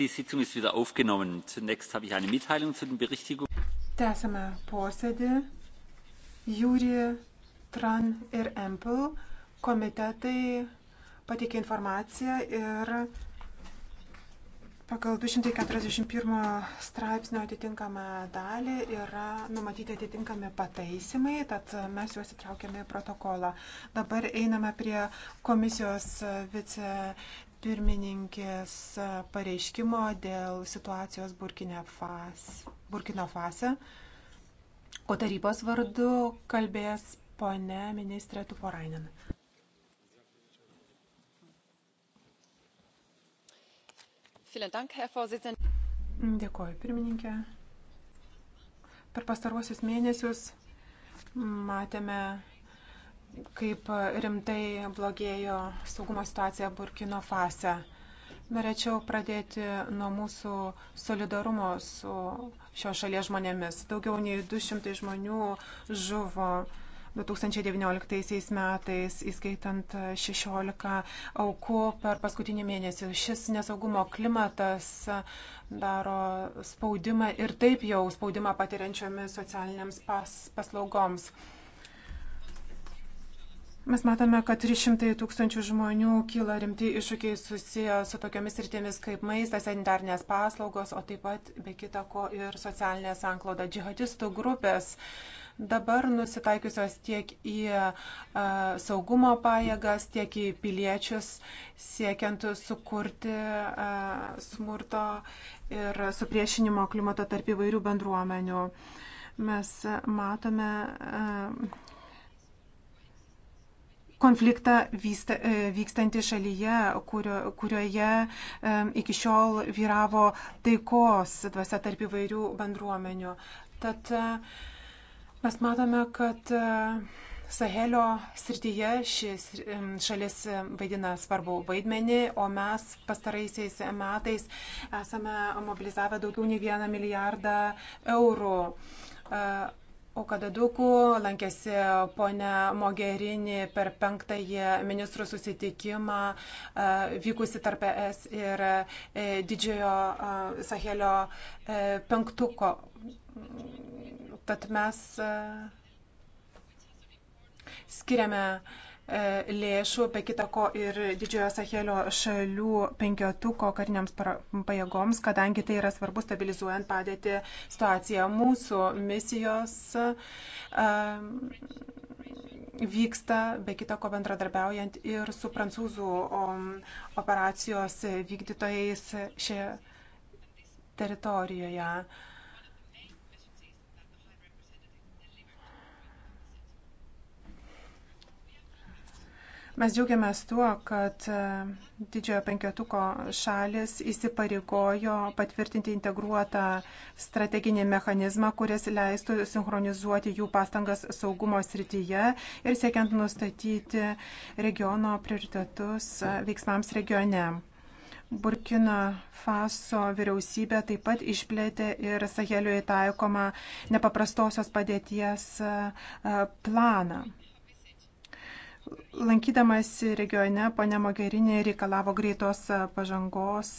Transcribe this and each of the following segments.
Tęsame posėdį. Jūri, Tran ir Empel komitetai pateikė informaciją ir pagal 241 straipsnio atitinkamą dalį yra numatyti atitinkami pataisimai, tad mes juos įtraukėme į protokolą. Dabar einame prie komisijos vice pirmininkės pareiškimo dėl situacijos Burkina Fase. Burkina Fase. O tarybos vardu kalbės ponė ministrė Tuporainen. Dėkoju, pirmininkė. Per pastaruosius mėnesius matėme kaip rimtai blogėjo saugumo situacija Burkino fase. Norėčiau pradėti nuo mūsų solidarumo su šio šalies žmonėmis. Daugiau nei 200 žmonių žuvo 2019 metais, įskaitant 16 aukų per paskutinį mėnesį. Šis nesaugumo klimatas daro spaudimą ir taip jau spaudimą patiriančiomis socialiniams pas, paslaugoms. Mes matome, kad 300 tūkstančių žmonių kyla rimti iššūkiai susiję su tokiamis rytėmis kaip maistas, sanitarnės paslaugos, o taip pat be kita ko ir socialinė sankloda. Džihadistų grupės dabar nusitaikiusios tiek į a, saugumo pajėgas, tiek į piliečius, siekiant sukurti a, smurto ir supriešinimo klimato tarp įvairių bendruomenių. Mes matome. A, konfliktą vysta, e, vykstantį šalyje, kurio, kurioje e, iki šiol vyravo taikos dvasia tarp įvairių bendruomenių. Tad e, mes matome, kad Sahelio srityje šis šalis vaidina svarbu vaidmenį, o mes pastaraisiais metais esame mobilizavę daugiau nei vieną milijardą eurų O kada daugų lankėsi ponia Mogerini per penktąjį ministrų susitikimą e, vykusi tarp ES ir e, didžiojo e, Sahelio penktuko. Tad mes skiriame lėšų, be kita ko ir Didžiojo Sahelio šalių penketuko kariniams pajėgoms, kadangi tai yra svarbu stabilizuojant padėti situaciją. Mūsų misijos vyksta, be kita ko bendradarbiaujant ir su prancūzų operacijos vykdytojais šioje teritorijoje. Mes džiaugiamės tuo, kad e, didžiojo penketuko šalis įsipareigojo patvirtinti integruotą strateginį mechanizmą, kuris leistų sinchronizuoti jų pastangas saugumo srityje ir siekiant nustatyti regiono prioritetus e, veiksmams regione. Burkina Faso vyriausybė taip pat išplėtė ir Saheliui taikomą nepaprastosios padėties e, planą. Lankydamas regione, ponė Mogerinė reikalavo greitos pažangos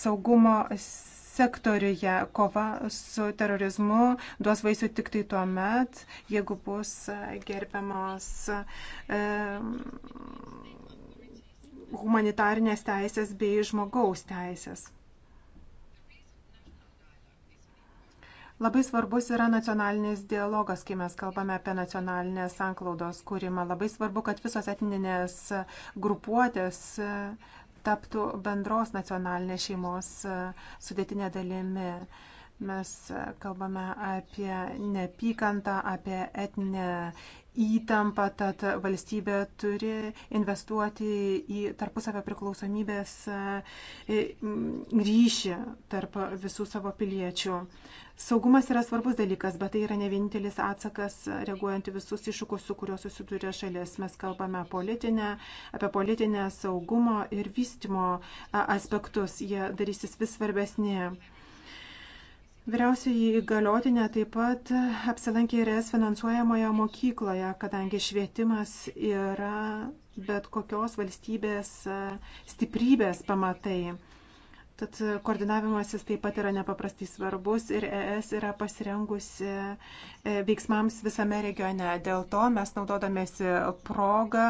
saugumo sektoriuje. Kova su terorizmu duos vaisių tik tai tuo met, jeigu bus gerbiamos humanitarinės teisės bei žmogaus teisės. Labai svarbus yra nacionalinis dialogas, kai mes kalbame apie nacionalinės anklaudos kūrimą. Labai svarbu, kad visos etninės grupuotės taptų bendros nacionalinės šeimos sudėtinė dalimi. Mes e, kalbame apie neapykantą, apie etinę įtampą, tad valstybė turi investuoti į tarpusavę priklausomybės e, ryšį tarp visų savo piliečių. Saugumas yra svarbus dalykas, bet tai yra ne vienintelis atsakas e, reaguojant į visus iššūkius, su kuriuo susiduria šalis. Mes kalbame politinę, apie politinę saugumo ir vystimo aspektus. Jie darysis vis svarbesnė. Vyriausiai įgaliotinė taip pat apsilankė ir es finansuojamoje mokykloje, kadangi švietimas yra bet kokios valstybės stiprybės pamatai. Tad koordinavimasis taip pat yra nepaprastai svarbus ir ES yra pasirengusi e, veiksmams visame regione. Dėl to mes naudodamėsi progą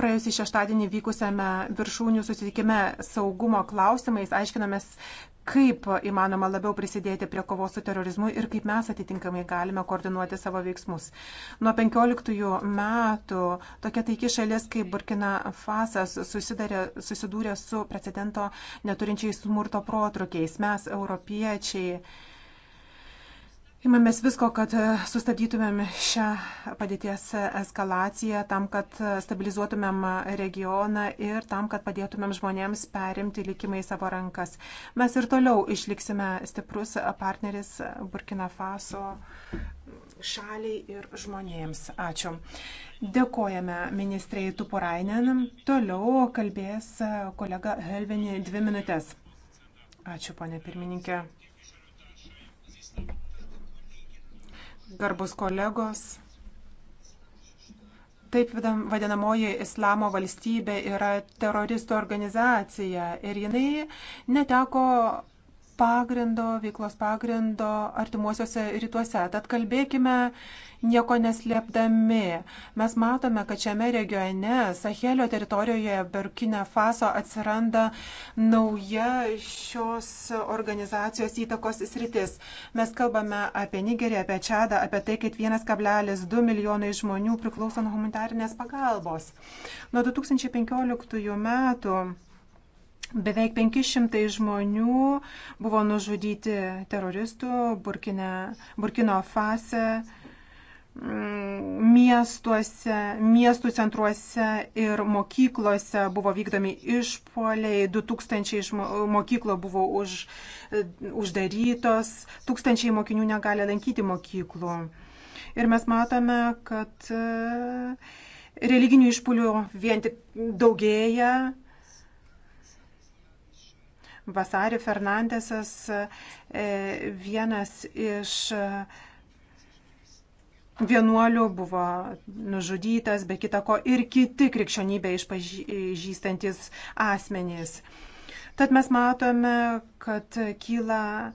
Praėjusį šeštadienį vykusiame viršūnių susitikime saugumo klausimais aiškinomės, kaip įmanoma labiau prisidėti prie kovos su terorizmu ir kaip mes atitinkamai galime koordinuoti savo veiksmus. Nuo 15 metų tokia taiki šalis kaip Burkina Fasas susidūrė su precedento neturinčiais smurto protrukiais. Mes, europiečiai, Imamės visko, kad e, sustabdytumėm šią padėties eskalaciją, tam, kad e, stabilizuotumėm e, regioną ir tam, kad padėtumėm žmonėms perimti likimą į savo rankas. Mes ir toliau išliksime stiprus partneris Burkina Faso šaliai ir žmonėms. Ačiū. Dėkojame ministrei Tupurainen. Toliau kalbės kolega Helvini dvi minutės. Ačiū, ponė pirmininkė. garbus kolegos. Taip vadinamoji Islamo valstybė yra teroristų organizacija ir jinai neteko pagrindo, veiklos pagrindo artimuosiuose rytuose. Tad kalbėkime nieko neslėpdami. Mes matome, kad šiame regione, Sahelio teritorijoje, Berkine Faso atsiranda nauja šios organizacijos įtakos sritis. Mes kalbame apie Nigeriją, apie Čadą, apie tai, kaip 1,2 milijonai žmonių priklauso nuo humanitarinės pagalbos. Nuo 2015 metų Beveik 500 žmonių buvo nužudyti teroristų Burkine, Burkino fase mm, miestuose, miestų centruose ir mokyklose buvo vykdomi išpoliai, 2000 mokyklo buvo už, uždarytos, tūkstančiai mokinių negali lankyti mokyklų. Ir mes matome, kad e, religinių išpolių vien tik daugėja, Vasari Fernandesas, e, vienas iš e, vienuolių buvo nužudytas, be kita ko ir kiti krikščionybę išpažįstantis asmenys. Tad mes matome, kad kyla e,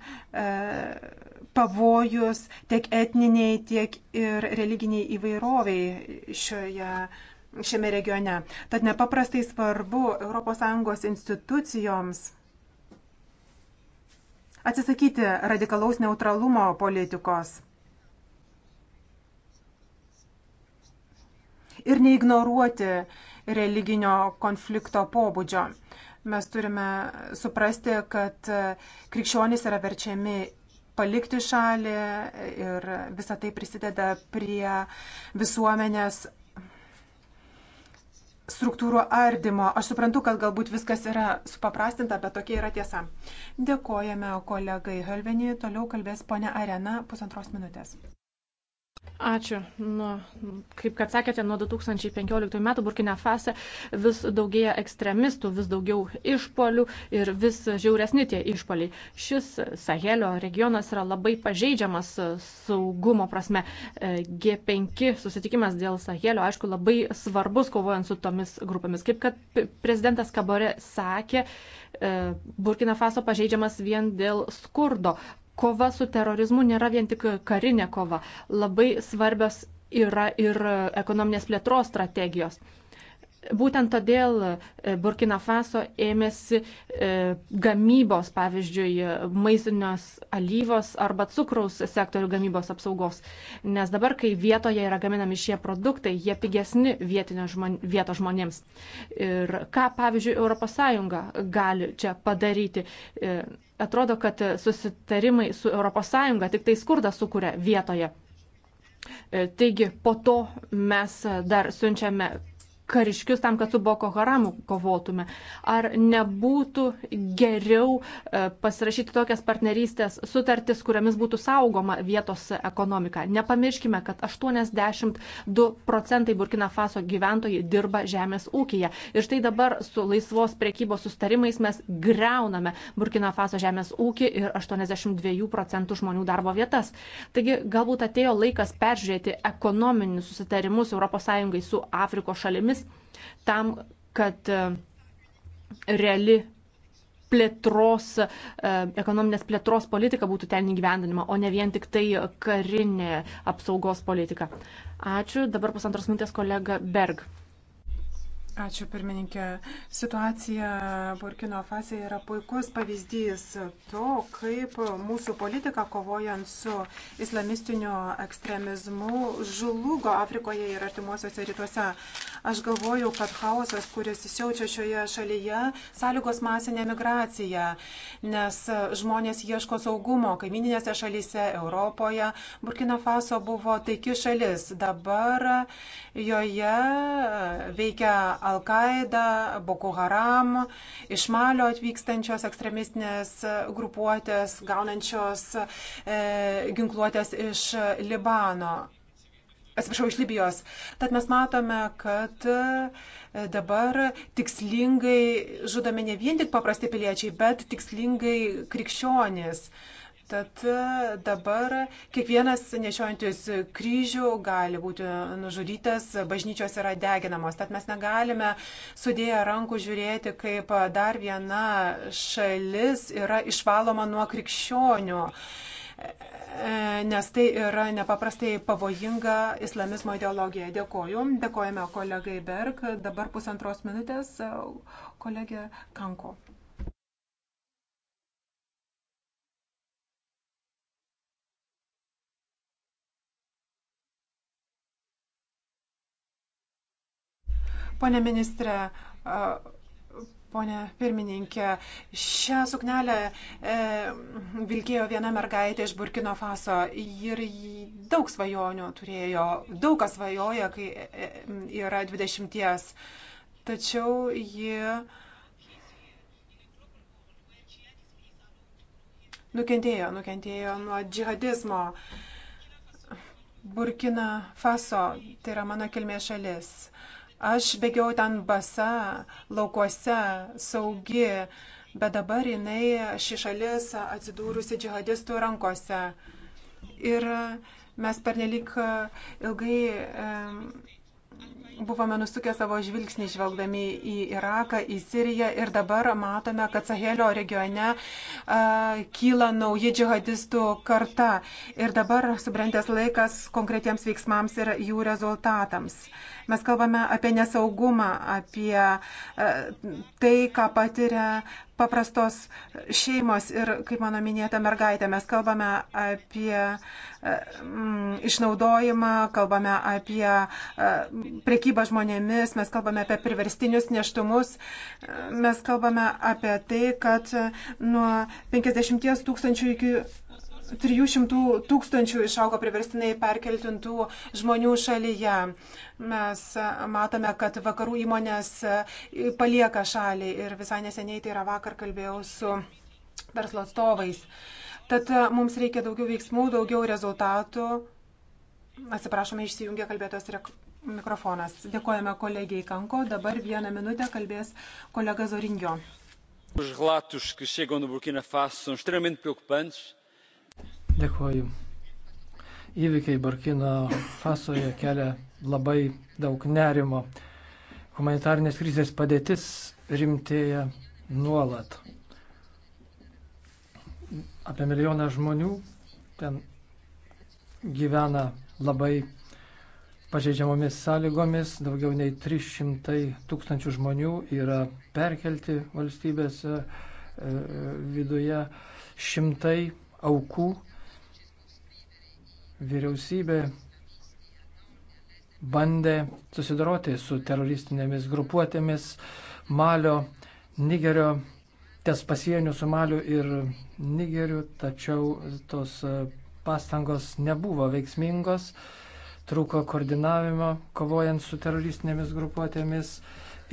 pavojus tiek etniniai, tiek ir religiniai įvairoviai šioje šiame regione. Tad nepaprastai svarbu ES institucijoms atsisakyti radikalaus neutralumo politikos ir neignoruoti religinio konflikto pobūdžio. Mes turime suprasti, kad krikščionys yra verčiami palikti šalį ir visa tai prisideda prie visuomenės struktūrų ardymo. Aš suprantu, kad galbūt viskas yra supaprastinta, bet tokia yra tiesa. Dėkojame kolegai Helvenį. Toliau kalbės ponia Arena pusantros minutės. Ačiū. Nu, kaip kad sakėte, nuo 2015 metų Burkina Fase vis daugėja ekstremistų, vis daugiau išpolių ir vis žiauresni tie išpoliai. Šis Sahelio regionas yra labai pažeidžiamas saugumo prasme. E, G5 susitikimas dėl Sahelio, aišku, labai svarbus kovojant su tomis grupėmis. Kaip kad prezidentas Kabore sakė, e, Burkina Faso pažeidžiamas vien dėl skurdo kova su terorizmu nėra vien tik karinė kova. Labai svarbios yra ir ekonominės plėtros strategijos. Būtent todėl e, Burkina Faso ėmėsi e, gamybos, pavyzdžiui, maistinios alyvos arba cukraus sektorių gamybos apsaugos. Nes dabar, kai vietoje yra gaminami šie produktai, jie pigesni žmon, vietos žmonėms. Ir ką, pavyzdžiui, ES gali čia padaryti? E, atrodo, kad susitarimai su ES tik tai skurdą sukuria vietoje. Taigi, po to mes dar siunčiame kariškius tam, kad su Boko Haramu kovotume. Ar nebūtų geriau e, pasirašyti tokias partnerystės sutartis, kuriamis būtų saugoma vietos ekonomika? Nepamirškime, kad 82 procentai Burkina Faso gyventojai dirba žemės ūkija. Ir štai dabar su laisvos priekybos sustarimais mes greuname Burkina Faso žemės ūkį ir 82 procentų žmonių darbo vietas. Taigi galbūt atėjo laikas peržiūrėti ekonominius susitarimus ES su Afrikos šalimis priemonėmis tam, kad e, reali plėtros, e, ekonominės plėtros politika būtų ten įgyvendinama, o ne vien tik tai karinė apsaugos politika. Ačiū. Dabar pusantros minutės kolega Berg. Ačiū pirmininkė. Situacija Burkino fazėje yra puikus pavyzdys to, kaip mūsų politika kovojant su islamistiniu ekstremizmu žlugo Afrikoje ir artimuosiuose rytuose. Aš galvoju, kad chaosas, kuris įsiaučia šioje šalyje, sąlygos masinė migracija, nes e, žmonės ieško saugumo kaimininėse šalyse, Europoje. Burkina Faso buvo taiki šalis, dabar joje e, veikia Al-Qaeda, Boko Haram, iš Malio atvykstančios ekstremistinės e, grupuotės, gaunančios e, ginkluotės iš Libano atsiprašau, iš Libijos. Tad mes matome, kad e, dabar tikslingai žudome ne vien tik paprasti piliečiai, bet tikslingai krikščionys. Tad e, dabar kiekvienas nešiojantis kryžių gali būti nužudytas, bažnyčios yra deginamos. Tad mes negalime sudėję rankų žiūrėti, kaip dar viena šalis yra išvaloma nuo krikščionių. E, nes tai yra nepaprastai pavojinga islamizmo ideologija. Dėkoju. Dėkojame kolegai Berg. Dabar pusantros minutės e, kolegė Kanko. Pone ministre, e, Pone pirmininkė, šią suknelę e, vilkėjo viena mergaitė iš Burkino Faso ir daug svajonių turėjo, daug kas svajoja, kai e, e, yra dvidešimties. Tačiau ji nukentėjo, nukentėjo nuo džihadizmo. Burkina Faso, tai yra mano kilmės šalis Aš bėgiau ten basa, laukuose, saugi, bet dabar jinai ši šalis atsidūrusi džihadistų rankose. Ir mes pernelik ilgai buvome nusukę savo žvilgsnį žvelgdami į Iraką, į Siriją ir dabar matome, kad Sahelio regione uh, kyla nauji džihadistų karta. Ir dabar subrendęs laikas konkretiems veiksmams ir jų rezultatams. Uh, Mes kalbame apie nesaugumą, apie e, tai, ką patiria paprastos šeimos ir, kaip mano minėta mergaitė, mes kalbame apie mm, išnaudojimą, kalbame apie mm, prekybą žmonėmis, mes kalbame apie priverstinius neštumus, mes kalbame apie tai, kad nuo 50 tūkstančių iki 300 tūkstančių išaugo priverstinai perkeltintų žmonių šalyje. Mes matome, kad vakarų įmonės palieka šalį ir visai neseniai, tai yra vakar kalbėjau su verslo atstovais. Tad mums reikia daugiau veiksmų, daugiau rezultatų. Atsiprašome, išsijungia kalbėtos mikrofonas. Dėkojame kolegijai Kanko. Dabar vieną minutę kalbės kolega Zorinjo. Os relatos que chegam do Burkina Faso são extremamente preocupantes Dėkuoju. Įvykiai Burkino fasoje kelia labai daug nerimo. Humanitarnės krizės padėtis rimtėja nuolat. Apie milijoną žmonių ten gyvena labai pažeidžiamomis sąlygomis, daugiau nei 300 tūkstančių žmonių yra perkelti valstybės e, e, viduje, šimtai aukų vyriausybė bandė susidoroti su teroristinėmis grupuotėmis Malio, Nigerio, ties pasienio su Maliu ir Nigeriu, tačiau tos e, pastangos nebuvo veiksmingos, trūko koordinavimo kovojant su teroristinėmis grupuotėmis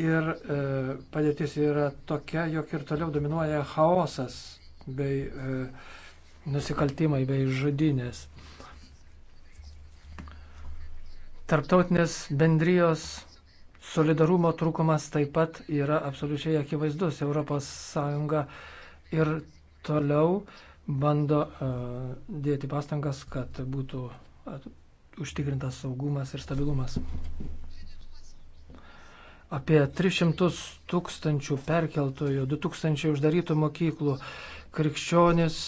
ir e, padėtis yra tokia, jog ir toliau dominuoja chaosas bei e, nusikaltimai bei žudinės. Tarptautinės bendrijos solidarumo trūkumas taip pat yra absoliučiai akivaizdus. ES ir toliau bando uh, dėti pastangas, kad būtų at, užtikrintas saugumas ir stabilumas. Apie 300 tūkstančių perkeltojų, 2000 uždarytų mokyklų, krikščionis,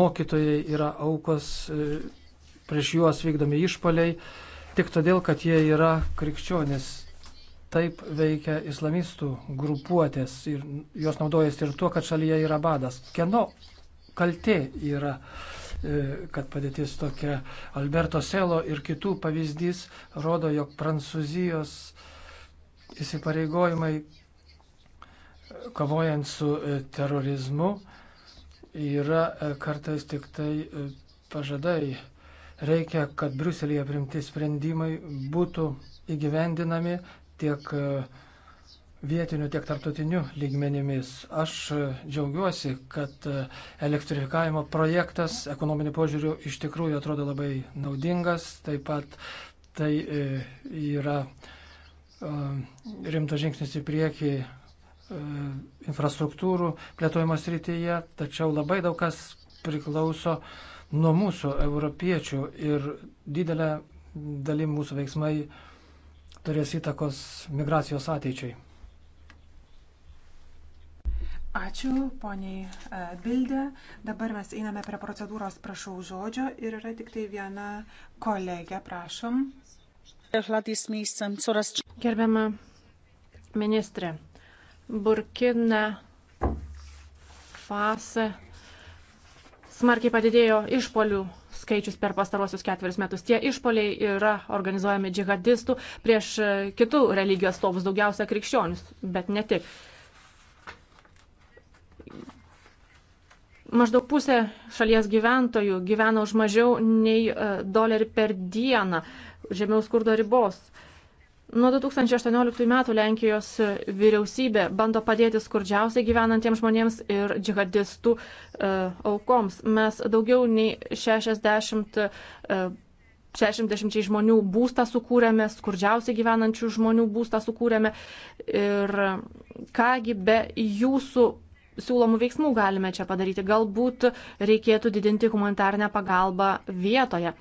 mokytojai yra aukos, e, prieš juos vykdomi išpaliai. Uh, tik todėl, kad jie yra krikščionis. Taip veikia islamistų grupuotės ir jos naudojasi ir tuo, kad šalyje yra badas. Kieno kaltė yra, e, kad padėtis tokia Alberto Selo ir kitų pavyzdys rodo, jog Prancūzijos įsipareigojimai kovojant su e, terorizmu yra e, kartais tik tai pažadai Reikia, kad Bruselėje primti sprendimai būtų įgyvendinami tiek e, vietiniu, tiek tarptautiniu lygmenimis. Aš e, džiaugiuosi, kad e, elektrifikavimo projektas ekonominiu požiūriu iš tikrųjų atrodo labai naudingas. Taip pat tai yra rimtas žingsnis į priekį infrastruktūrų plėtojimo srityje, tačiau labai daug kas priklauso uh, nuo mūsų, europiečių, ir didelė dalim mūsų veiksmai turės įtakos migracijos ateičiai. Ačiū, poniai e, Bildė. Dabar mes einame prie procedūros, prašau žodžio ir yra tik tai viena kolegė, prašom. Gerbiama ministrė, Burkina Fase smarkiai padidėjo išpolių skaičius per pastarosius ketverius metus. Tie išpoliai yra organizuojami džihadistų prieš e, kitų religijų atstovus, daugiausia krikščionius, bet ne tik. Maždaug pusė šalies gyventojų gyvena už mažiau nei e, dolerį per dieną žemiau skurdo ribos. Uh, Nuo 2018 metų Lenkijos vyriausybė bando padėti skurdžiausiai gyvenantiems žmonėms ir džihadistų e, aukoms. Mes daugiau nei 60, e, 60 žmonių būstą sukūrėme, skurdžiausiai gyvenančių žmonių būstą sukūrėme. Ir kągi be jūsų siūlomų veiksmų galime čia padaryti. Galbūt reikėtų didinti humanitarnę pagalbą vietoje.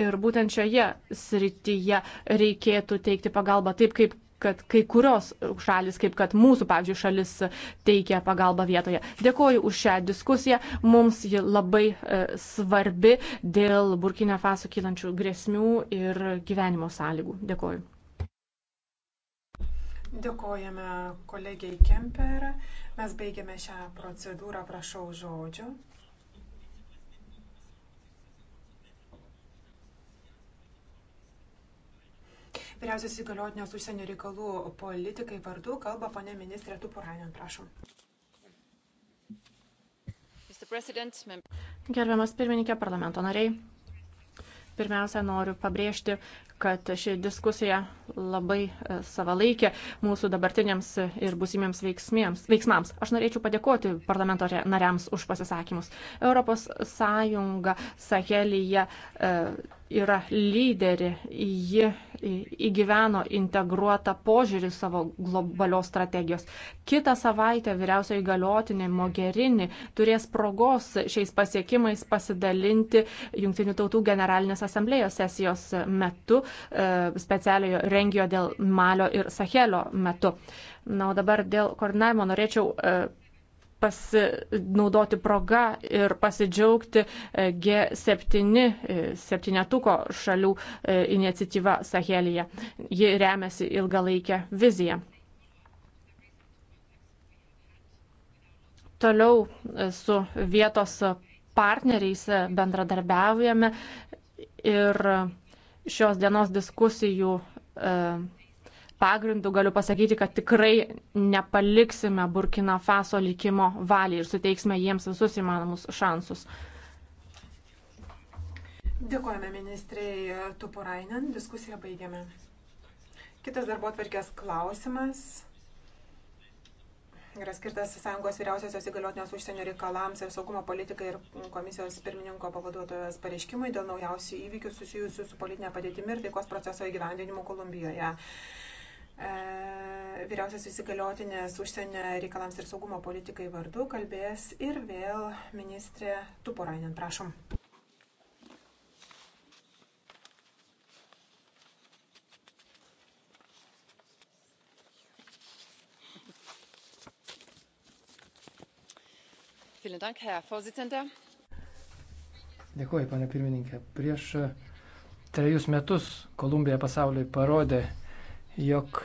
Ir būtent šioje srityje reikėtų teikti pagalbą taip, kaip kad kai kurios šalis, kaip kad mūsų, pavyzdžiui, šalis teikia pagalbą vietoje. Dėkoju už šią diskusiją. Mums ji labai e, svarbi dėl Burkina Faso kylančių grėsmių ir gyvenimo sąlygų. Dėkoju. Dėkojame kolegiai Kemperą. Mes baigiame šią procedūrą, prašau žodžio. Vyriausias įgaliotinės užsienio reikalų politikai vardu kalba ponė ministrė Tupurainen, prašom. Gerbiamas pirmininkė, parlamento nariai, pirmiausia noriu pabrėžti, kad ši diskusija labai e, savalaikė mūsų dabartiniams ir busimiems veiksmams. Aš norėčiau padėkoti parlamento nariams už pasisakymus. Europos Sąjunga Sahelyje e, yra lyderė, ji įgyveno integruotą požiūrį savo globalios strategijos. Kitą savaitę vyriausioji galiotinė Mogerini turės progos šiais pasiekimais pasidalinti Junktinių tautų generalinės asamblėjos sesijos metu e, specialiojo Rengijo, dėl Malio ir Sahelio metu. Na, o dabar dėl koordinavimo norėčiau e, pasinaudoti progą ir pasidžiaugti e, G7 e, septynetuko šalių iniciatyva Sahelija. Ji remiasi ilgalaikę viziją. Toliau su vietos partneriais bendradarbiaujame ir šios dienos diskusijų E, pagrindų galiu pasakyti, kad tikrai nepaliksime Burkina Faso likimo valiai ir suteiksime jiems visus įmanomus šansus. Dėkojame ministrei Tupurainen, diskusiją baigiame. Kitas darbo atvarkės klausimas yra skirtas Sąjungos vyriausiosios įgaliotinės užsienio reikalams ir saugumo politikai ir komisijos pirmininko pavaduotojas pareiškimui dėl naujausių įvykių susijusių su politinė padėtimi ir taikos proceso įgyvendinimu Kolumbijoje. E, Vyriausias įsigaliotinės užsienio reikalams ir saugumo politikai vardu kalbės ir vėl ministrė Tuporainen, prašom. Dėkuoju, pane pirmininkė. Prieš e, trejus metus Kolumbija pasauliui parodė, jog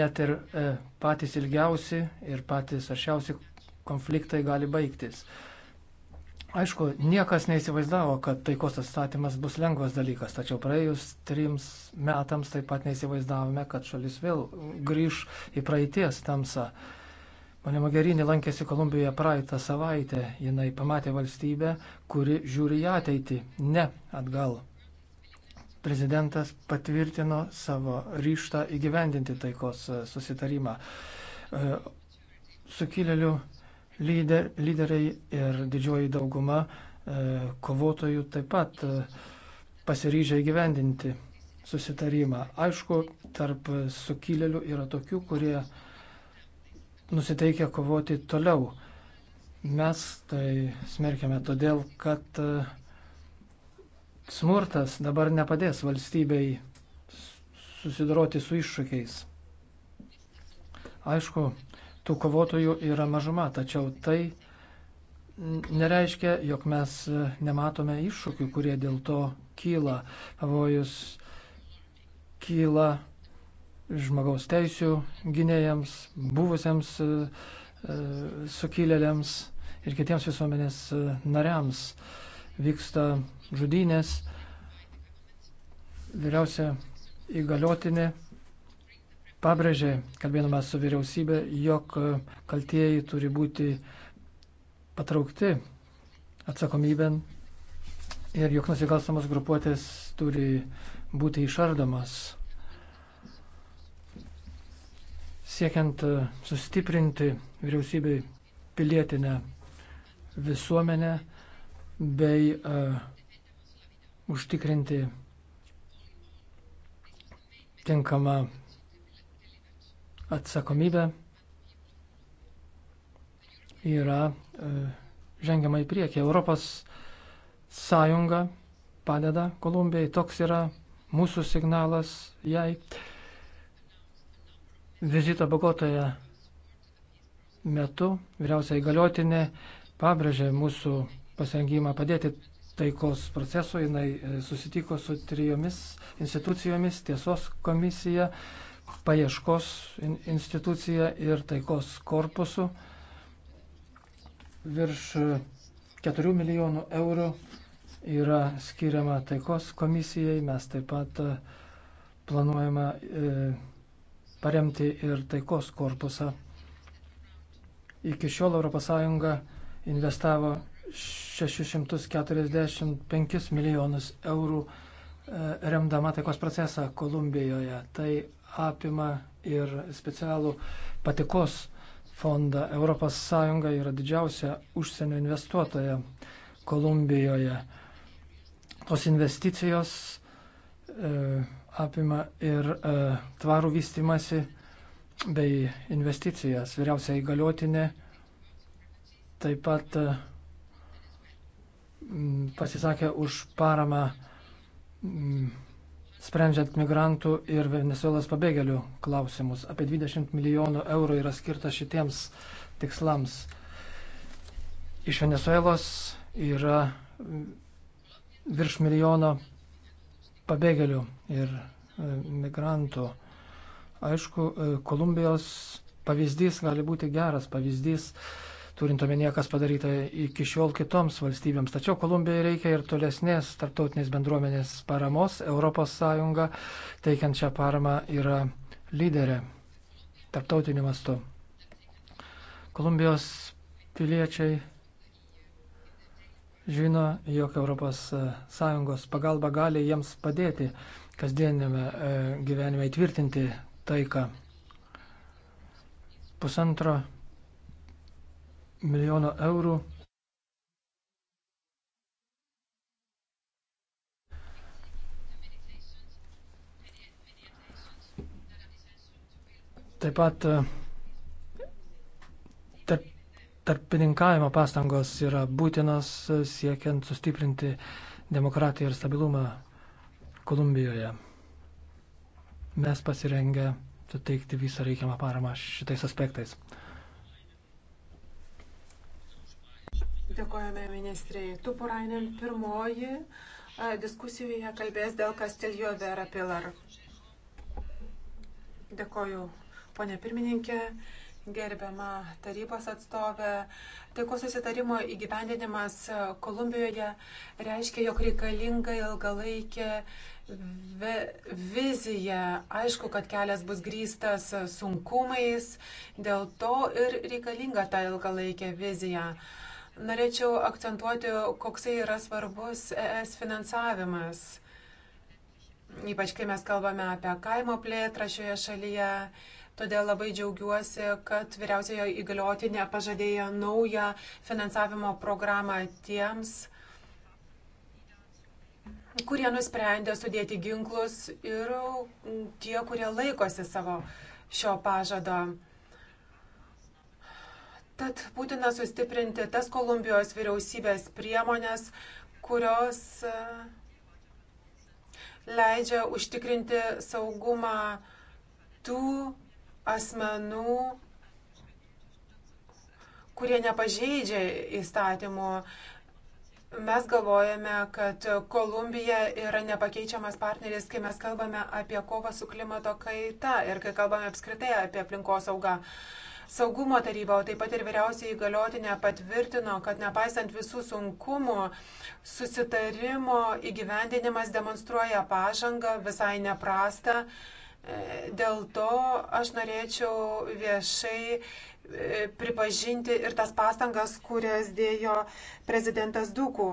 net ir e, patys ilgiausi ir patys aršiausi konfliktai gali baigtis. Aišku, niekas neįsivaizdavo, kad taikos atstatymas bus lengvas dalykas, tačiau praėjus trims metams taip pat neįsivaizdavome, kad šalis vėl grįž į praeities tamsą. E, Pone Mogherini lankėsi Kolumbijoje praeitą savaitę. Jinai pamatė valstybę, kuri žiūri į ateitį, ne atgal. Prezidentas patvirtino savo ryštą įgyvendinti taikos e, susitarimą. E, sukilėlių lyder, lyderiai ir didžioji dauguma e, kovotojų taip pat pasiryžę įgyvendinti susitarimą. Aišku, tarp sukilėlių yra tokių, kurie nusiteikę kovoti toliau. Mes tai smerkiame todėl, kad e, smurtas dabar nepadės valstybei susidoroti su iššūkiais. Aišku, tų kovotojų yra mažuma, tačiau tai nereiškia, jog mes e, nematome iššūkių, kurie dėl to kyla. Pavojus kyla žmogaus teisų gynėjams, buvusiems e, e, sukilėliams ir kitiems visuomenės e, nariams. Vyksta žudynės. Vyriausia įgaliotinė pabrėžė, kalbėdama su vyriausybė, jog kaltieji turi būti patraukti atsakomybėn ir jog nusikalstamos grupuotės turi būti išardomas. siekiant e, sustiprinti vyriausybei pilietinę visuomenę bei uh, užtikrinti tinkamą atsakomybę yra uh, žengiama į priekį. Europos Sąjunga padeda Kolumbijai, toks yra mūsų signalas jai. Uh, Vizito Bogotoje metu vyriausiai galiotinė pabrėžė mūsų pasirengimą padėti taikos procesui. Jis e, susitiko su trijomis institucijomis - tiesos komisija, paieškos institucija ir taikos korpusu. Virš 4 e, milijonų eurų yra skiriama taikos komisijai. Mes taip pat e, planuojama. E, paremti ir taikos korpusą. Iki šiol ES investavo 645 milijonus eurų e, remdama taikos procesą Kolumbijoje. Tai apima ir specialų patikos fondą. ES yra didžiausia užsienio investuotoja Kolumbijoje. Tos investicijos E, apima ir e, tvarų vystimasi bei investicijas. Vyriausiai galiotinė taip pat e, pasisakė už paramą sprendžiant migrantų ir Venezuelos pabėgėlių klausimus. Apie 20 milijonų eurų yra skirta šitiems tikslams. Iš Venezuelos yra virš milijono pabėgėlių ir e, migrantų. Aišku, e, Kolumbijos pavyzdys gali būti geras pavyzdys, turint omenyje, kas padaryta iki šiol kitoms valstybėms. Tačiau Kolumbijai reikia ir tolesnės tarptautinės bendruomenės paramos. ES teikiant šią paramą yra lyderė tarptautiniu mastu. Kolumbijos piliečiai žino, jog ES e, pagalba gali jiems padėti kasdienėme e, gyvenime įtvirtinti taiką. Pusantro milijono eurų Taip pat e, tarpininkavimo pastangos yra būtinos e, siekiant sustiprinti demokratiją ir stabilumą Kolumbijoje. Mes pasirengę suteikti visą reikiamą paramą šitais aspektais. Dėkojame ministrei Tupurainen. Pirmoji e, diskusijoje kalbės dėl Kastiljo Vera Pilar. Dėkoju, ponė pirmininkė gerbiama tarybos atstovė. Taikos susitarimo įgyvendinimas Kolumbijoje reiškia, jog reikalinga ilgalaikė vizija. Aišku, kad kelias bus grįstas sunkumais, dėl to ir reikalinga ta ilgalaikė vizija. Norėčiau akcentuoti, koksai yra svarbus ES finansavimas ypač kai mes kalbame apie kaimo plėtrą šioje šalyje Todėl labai džiaugiuosi, kad vyriausiojo įgaliotinė pažadėjo naują finansavimo programą tiems, kurie nusprendė sudėti ginklus ir tie, kurie laikosi savo šio pažado. Tad būtina sustiprinti tas Kolumbijos vyriausybės priemonės, kurios e, leidžia užtikrinti saugumą tų asmenų, kurie nepažeidžia įstatymų. Mes galvojame, kad Kolumbija yra nepakeičiamas partneris, kai mes kalbame apie kovą su klimato kaita ir kai kalbame apskritai apie aplinkosaugą. Saugumo taryba, o taip pat ir vyriausiai įgaliotinė patvirtino, kad nepaisant visų sunkumų, susitarimo įgyvendinimas demonstruoja pažangą visai neprastą. Dėl to aš norėčiau viešai e, pripažinti ir tas pastangas, kurias dėjo prezidentas Dukų.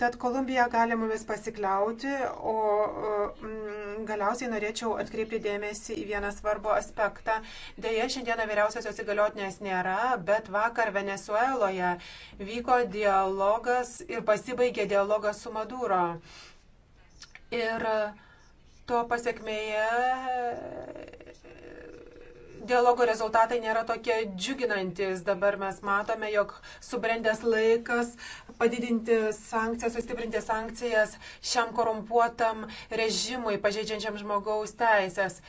Tad Kolumbija gali mumis pasikliauti, o mm, galiausiai norėčiau atkreipti dėmesį į vieną svarbų aspektą. Deja, šiandieną vyriausiosios įgaliotinės nėra, bet vakar Venezueloje vyko dialogas ir pasibaigė dialogas su Maduro. Ir uh, to pasiekmėje dialogo rezultatai nėra tokie džiuginantis. Dabar mes matome, jog subrendęs laikas padidinti sankcijas, sustiprinti sankcijas šiam korumpuotam režimui, pažeidžiančiam žmogaus teisės.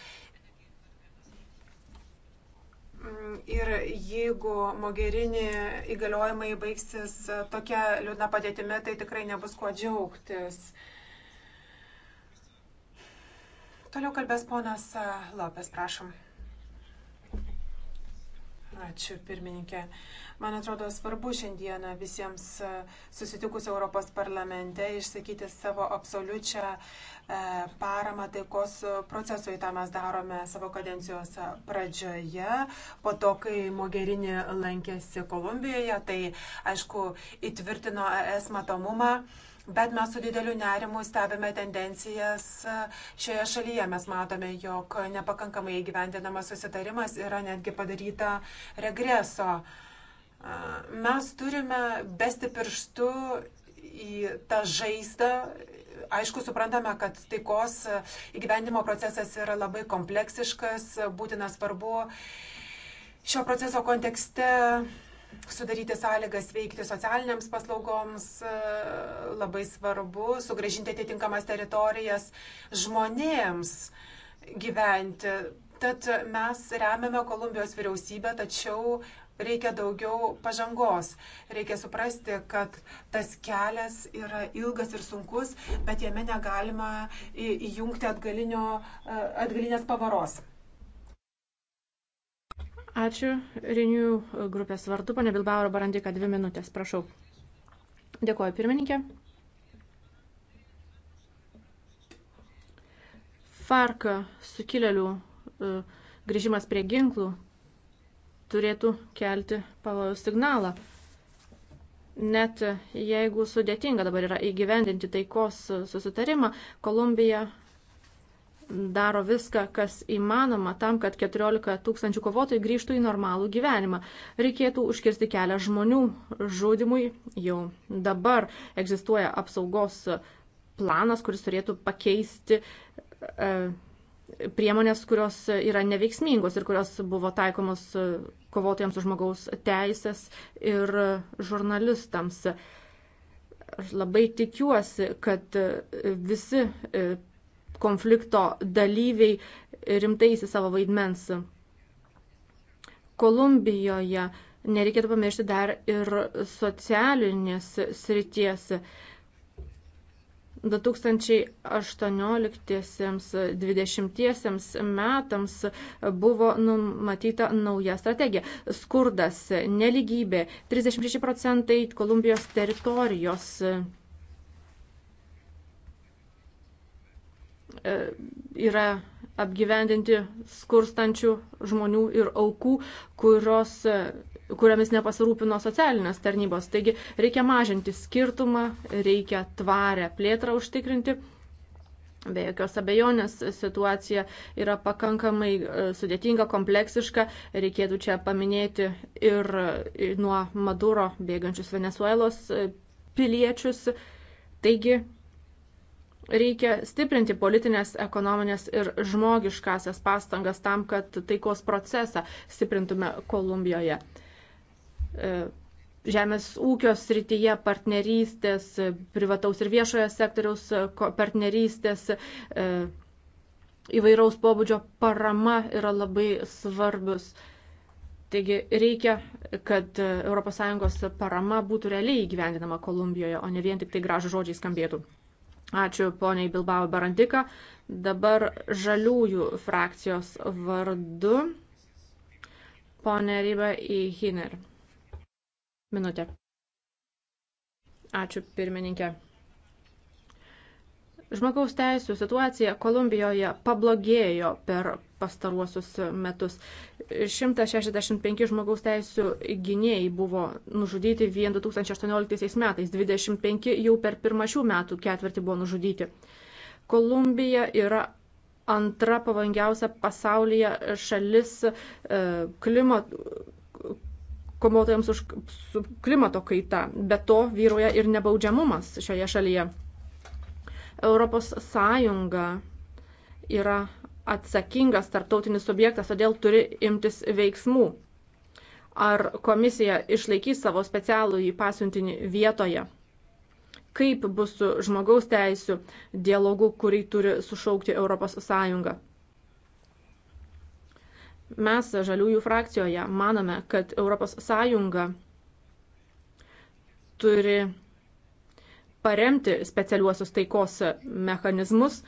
Ir jeigu Mogerini įgaliojimai baigsis tokia liūdna padėtimi, tai tikrai nebus kuo džiaugtis. Uh, Toliau kalbės ponas e, Lopes, prašom. Ačiū, pirmininkė. Man atrodo svarbu šiandieną visiems e, susitikus Europos parlamente išsakyti savo absoliučią e, paramą taikos procesui. Ta mes darome savo kadencijos pradžioje. Po to, kai Mogherini lankėsi Kolumbijoje, tai aišku įtvirtino es matomumą Bet mes su dideliu nerimu stebime tendencijas e, šioje šalyje. Mes matome, jog nepakankamai įgyvendinamas susitarimas yra netgi padaryta regreso. E, mes turime besti pirštu į tą žaizdą. Aišku, suprantame, kad taikos įgyvendimo procesas yra labai kompleksiškas, būtina svarbu šio proceso kontekste sudaryti sąlygas veikti socialiniams paslaugoms, e, labai svarbu sugražinti atitinkamas teritorijas žmonėms gyventi. Tad mes remiame Kolumbijos vyriausybę, tačiau reikia daugiau pažangos. Reikia suprasti, kad tas kelias yra ilgas ir sunkus, bet jame negalima įjungti e, atgalinės pavaros. Ačiū. Renijų grupės vardu, ponė Bilbao Barandika, dvi minutės, prašau. Dėkuoju, pirmininkė. FARC sukilėlių e, grįžimas prie ginklų turėtų kelti pavojų signalą. Net jeigu sudėtinga dabar yra įgyvendinti taikos susitarimą, Kolumbija daro viską, kas įmanoma tam, kad 14 tūkstančių kovotojų grįžtų į normalų gyvenimą. Reikėtų užkirsti kelią žmonių žudimui. Jau dabar egzistuoja apsaugos planas, kuris turėtų pakeisti e, priemonės, kurios yra neveiksmingos ir kurios buvo taikomos kovotojams už žmogaus teisės ir žurnalistams. Aš labai tikiuosi, kad visi e, konflikto dalyviai rimtai į savo vaidmens. Kolumbijoje nereikėtų pamiršti dar ir socialinės srities. 2018-2020 metams buvo numatyta nauja strategija. Skurdas, neligybė, 36 procentai Kolumbijos teritorijos E, yra apgyvendinti skurstančių žmonių ir aukų, kurios, e, kuriamis nepasirūpino socialinės tarnybos. Taigi reikia mažinti skirtumą, reikia tvarę plėtrą užtikrinti. Be jokios abejonės situacija yra pakankamai e, sudėtinga, kompleksiška. Reikėtų čia paminėti ir nuo Maduro bėgančius Venezuelos piliečius. Taigi Reikia stiprinti politinės, ekonominės ir žmogiškasias pastangas tam, kad taikos procesą stiprintume Kolumbijoje. E, žemės ūkio srityje partnerystės, privataus ir viešojo sektoriaus partnerystės, e, įvairaus pobūdžio parama yra labai svarbus. Taigi reikia, kad ES parama būtų realiai įgyvendinama Kolumbijoje, o ne vien tik tai gražų žodžiai skambėtų. Ačiū poniai Bilbao Barandika. Dabar žaliųjų frakcijos vardu ponė Ryba į Hiner. Minutė. Ačiū pirmininkė. Žmogaus teisų situacija Kolumbijoje pablogėjo per pastaruosius metus. 165 žmogaus teisų gynėjai buvo nužudyti vien 2018 metais, 25 jau per pirmą šių metų ketvirtį buvo nužudyti. Kolumbija yra antra pavangiausia pasaulyje šalis e, klimat, komotojams už klimato kaitą. Be to vyroja ir nebaudžiamumas šioje šalyje. Europos Sąjunga yra atsakingas tarptautinis subjektas, todėl turi imtis veiksmų. Ar komisija išlaikys savo specialų į pasiuntinį vietoje? Kaip bus su žmogaus teisų dialogu, kurį turi sušaukti ES? Mes žaliųjų frakcijoje manome, kad ES turi paremti specialiuosius taikos mechanizmus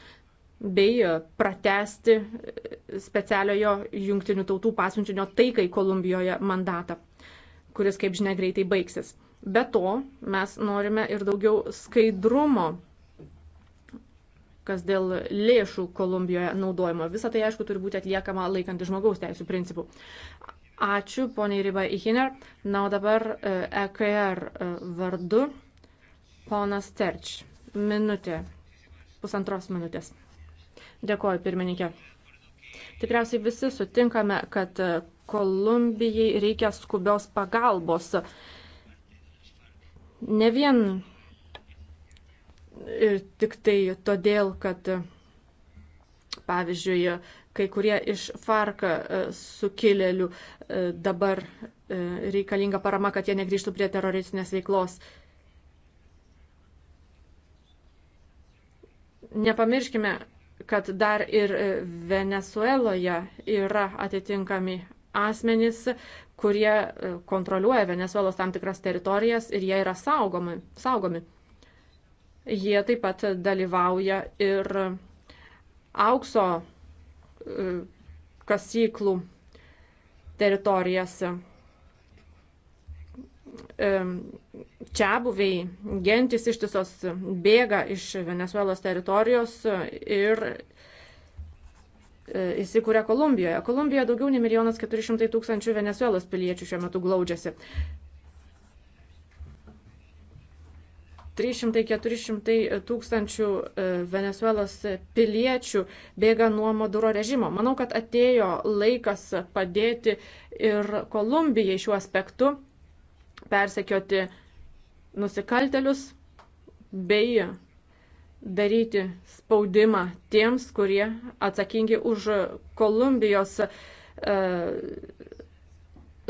bei e, pratesti e, specialiojo jungtinių tautų pasiunčinio taikai Kolumbijoje mandatą, kuris, kaip žinia, greitai baigsis. Be to, mes norime ir daugiau skaidrumo, kas dėl lėšų Kolumbijoje naudojimo. Visą tai, aišku, turi būti atliekama laikant žmogaus teisų principų. Ačiū, poniai Riba Ihiner. Na, o dabar EKR e vardu, ponas Terč. Minutė. Pusantros minutės. Dėkoju, pirmininkė. Tikriausiai visi sutinkame, kad e, Kolumbijai reikia skubios pagalbos. Ne vien ir e, tik tai todėl, kad, e, pavyzdžiui, kai kurie iš FARC sukilėlių dabar reikalinga parama, kad jie negrįžtų prie teroristinės veiklos. Nepamirškime, kad dar ir Venezueloje yra atitinkami asmenys, kurie e, kontroliuoja Venezuelos tam tikras teritorijas ir jie yra saugomi. saugomi. Jie taip pat dalyvauja ir aukso e, kasyklų teritorijose čia buviai, gentis ištisos bėga iš Venezuelos teritorijos e, ir e, įsikūrė Kolumbijoje. Kolumbijoje daugiau nei milijonas 400 tūkstančių Venezuelos piliečių šiuo metu glaudžiasi. 300-400 tūkstančių e, Venezuelos piliečių bėga nuo Maduro režimo. Manau, kad atėjo laikas padėti ir Kolumbijai šiuo aspektu persekioti nusikaltelius bei daryti spaudimą tiems, kurie atsakingi už Kolumbijos e,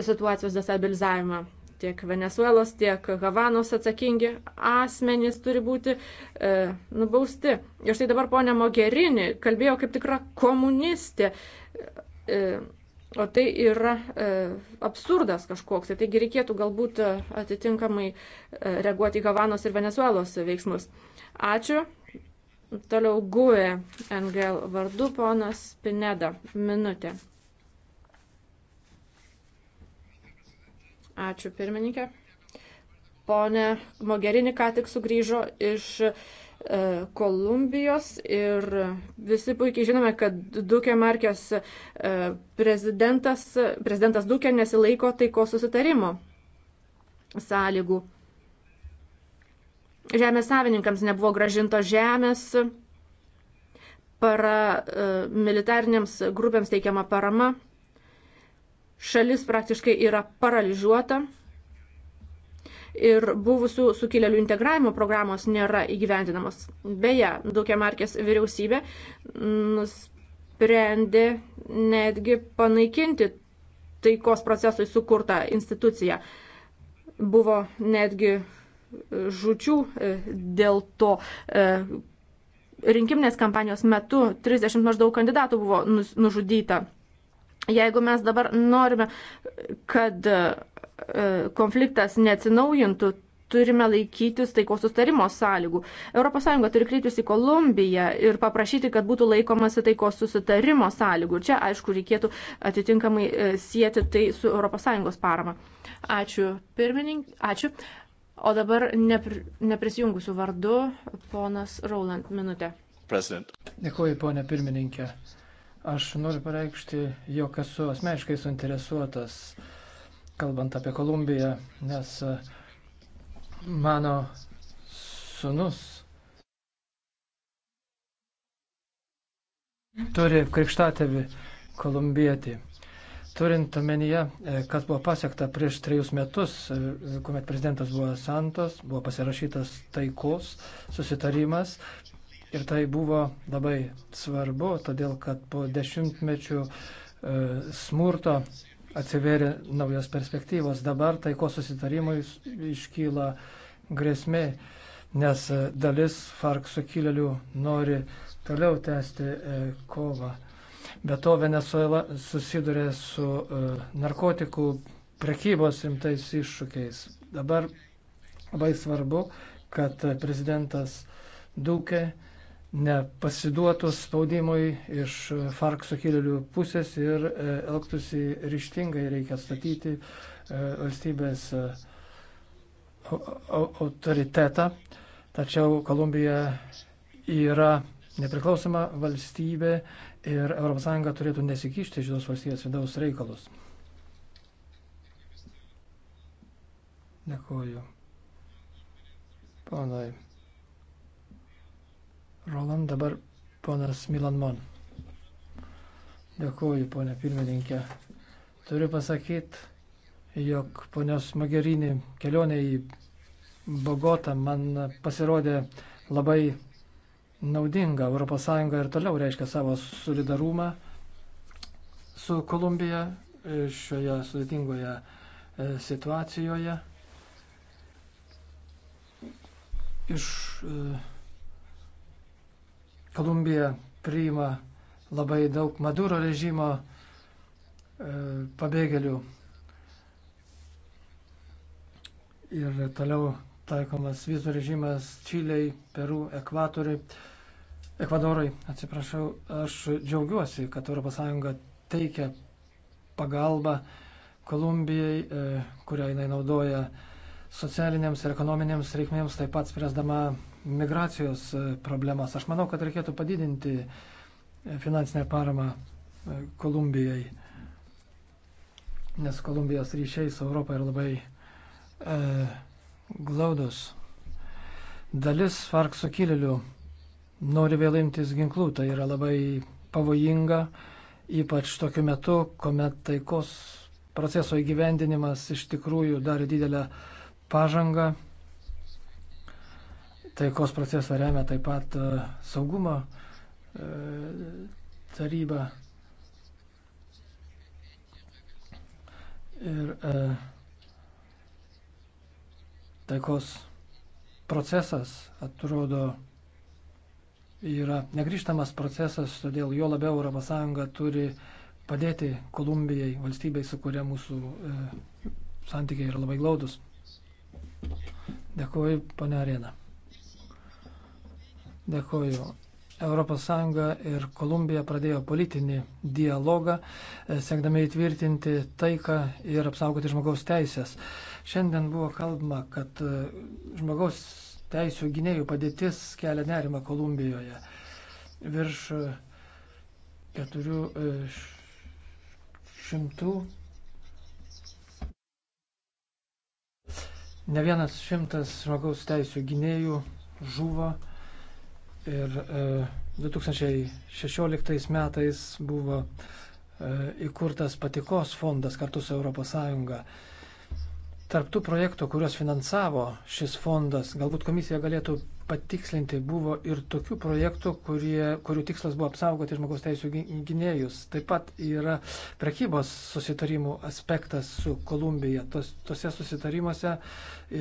situacijos destabilizavimą. Tiek Venezuelos, tiek Havanos atsakingi asmenys turi būti e, nubausti. Ir štai dabar ponia Mogerini kalbėjo kaip tikra komunistė. E, e O tai yra e, absurdas kažkoks. Taigi reikėtų galbūt e, atitinkamai e, reaguoti į Gavanos ir Venezuelos veiksmus. Ačiū. Toliau guė NGL vardu ponas Pineda. Minutė. Ačiū pirmininkė. Pone Mogerini ką tik sugrįžo iš E, Kolumbijos ir visi puikiai žinome, kad Dukė Markės e, prezidentas, prezidentas Dukė nesilaiko taiko susitarimo sąlygų. Žemės savininkams nebuvo gražinto žemės, para e, militariniams grupėms teikiama parama, šalis praktiškai yra paralyžiuota ir buvusių sukilėlių integravimo programos nėra įgyvendinamos. Beje, daugiamarkės vyriausybė nusprendė netgi panaikinti taikos procesui sukurtą instituciją. Buvo netgi žučių e, dėl to. E, rinkiminės kampanijos metu 30 maždaug kandidatų buvo nužudyta. Jeigu mes dabar norime, kad e, E, konfliktas neatsinaujintų, turime laikytis taikos sustarimo sąlygų. ES turi kreiptis į Kolumbiją ir paprašyti, kad būtų laikomasi taikos susitarimo sąlygų. Čia, aišku, reikėtų atitinkamai e, sieti tai su ES parama. Ačiū, pirmininkai. Ačiū. O dabar nepr neprisijungusiu vardu ponas Rowland minutė. President. Dėkuoju, ponė pirmininkė. Aš noriu pareikšti, jog esu asmeniškai suinteresuotas uh, kalbant apie Kolumbiją, nes e, mano sunus turi krikštatėvi kolumbietį. Turint omenyje, e, kas buvo pasiekta prieš trejus metus, e, kuomet prezidentas buvo Santos, buvo pasirašytas taikos susitarimas ir tai buvo labai svarbu, todėl kad po dešimtmečių smurto atsiveria naujos perspektyvos. Dabar taiko susitarimui iškyla grėsmė, nes e, dalis FARC sukilėlių nori toliau tęsti e, kovą. Be to Venezuela susiduria su e, narkotikų prekybos rimtais iššūkiais. Dabar labai svarbu, kad prezidentas Dūkė nepasiduotų spaudimui iš FARC sukilėlių pusės ir e, elgtųsi ryštingai, reikia atstatyti e, valstybės e, autoritetą. Tačiau Kolumbija yra nepriklausoma valstybė ir ES turėtų nesikišti šios valstybės vidaus reikalus. Dėkuoju. Ponai. Roland, dabar ponas Milan Mon. Dėkuoju, ponė pirmininkė. Turiu pasakyti, jog ponios Magerinį kelionė į Bogotą man pasirodė labai naudinga. ES ir toliau reiškia savo solidarumą su Kolumbija e, šioje sudėtingoje e, situacijoje. Iš e, Kolumbija priima labai daug Maduro režimo e, pabėgėlių ir toliau taikomas vizų režimas Čiliai, Peru, Ekvatoriui. Ekvadorui, atsiprašau, aš džiaugiuosi, kad ES teikia pagalbą Kolumbijai, e, kurią jinai naudoja socialiniams ir ekonominiams reikmėms, taip pat spręsdama migracijos e, problemas. Aš manau, kad reikėtų padidinti e, finansinę paramą e, Kolumbijai, nes Kolumbijos ryšiai su Europą yra labai e, glaudus. Dalis FARC sukilėlių nori vėl imtis ginklų, tai yra labai pavojinga, ypač tokiu metu, kuomet taikos proceso įgyvendinimas iš tikrųjų darė didelę pažangą taikos procesą remia taip pat e, saugumo e, taryba. Ir e, taikos procesas atrodo yra negryžtamas procesas, todėl jo labiau ES turi padėti Kolumbijai, valstybei, su kuria mūsų e, santykiai yra labai glaudus. Dėkuoju, ponia Arena. Dėkoju. ES ir Kolumbija pradėjo politinį dialogą, e, siekdami įtvirtinti taiką ir apsaugoti žmogaus teisės. Šiandien buvo kalbama, kad e, žmogaus teisų gynėjų padėtis kelia nerimą Kolumbijoje. Virš 400 e, Ne vienas šimtas žmogaus teisų gynėjų žuvo Ir 2016 e, metais buvo e, įkurtas patikos fondas kartu su ES. Tarptų projektų, kuriuos finansavo šis fondas, galbūt komisija galėtų patikslinti, buvo ir tokių projektų, kurie, kurių tikslas buvo apsaugoti žmogaus teisų gynėjus. Taip pat yra prekybos susitarimų aspektas su Kolumbija. Tos, tose susitarimuose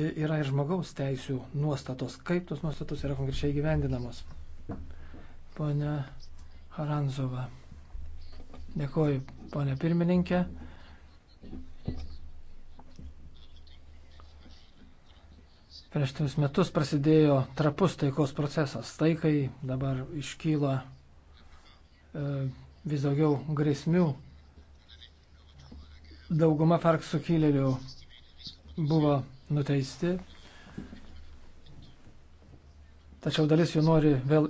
yra ir žmogaus teisų nuostatos. Kaip tos nuostatos yra konkrečiai gyvendinamos? Pone Haranzova. Dėkuoju, ponė pirmininkė. Prieš tris metus prasidėjo trapus taikos procesas. Taikai dabar iškyla e, vis daugiau grėsmių. Dauguma FARC sukilėlių buvo nuteisti Tačiau dalis jų nori vėl,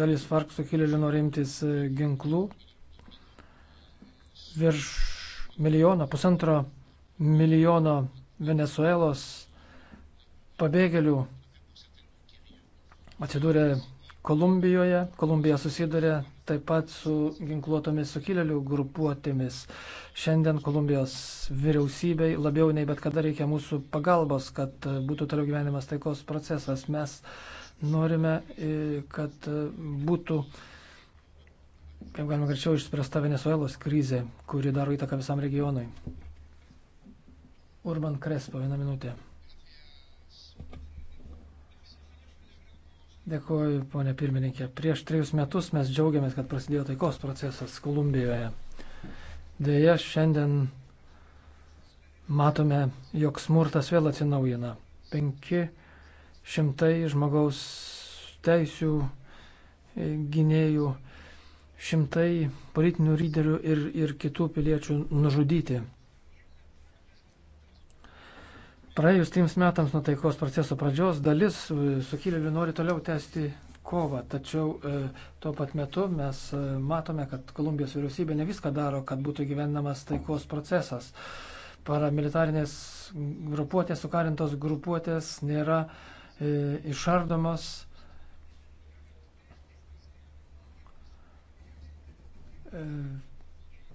dalis FARC sukilėlių nori imtis e, ginklų. Virš milijono, pusantro milijono Venezuelos pabėgėlių atsidūrė Kolumbijoje. Kolumbija susidūrė taip pat su ginkluotomis sukilėlių grupuotėmis. Šiandien Kolumbijos vyriausybei labiau nei bet kada reikia mūsų pagalbos, kad būtų toliau gyvenimas taikos procesas. Mes norime, e, kad būtų, kaip galima greičiau, išspręsta Venezuelos krizė, kuri daro įtaką visam regionui. Urban Krespo, vieną minutę. Dėkuoju, ponė pirmininkė. Prieš trejus metus mes džiaugiamės, kad prasidėjo taikos procesas Kolumbijoje. Deja, šiandien matome, jog smurtas vėl atsinaujina. 500 žmogaus teisių e, gynėjų, šimtai politinių lyderių ir, ir kitų piliečių nužudyti. Praėjus trims metams nuo taikos proceso pradžios dalis e, sukilėlių nori toliau tęsti kovą, tačiau e, tuo pat metu mes e, matome, kad Kolumbijos vyriausybė ne viską daro, kad būtų gyvenamas taikos procesas. Paramilitarinės grupuotės, sukarintos grupuotės nėra e, išardomos. E,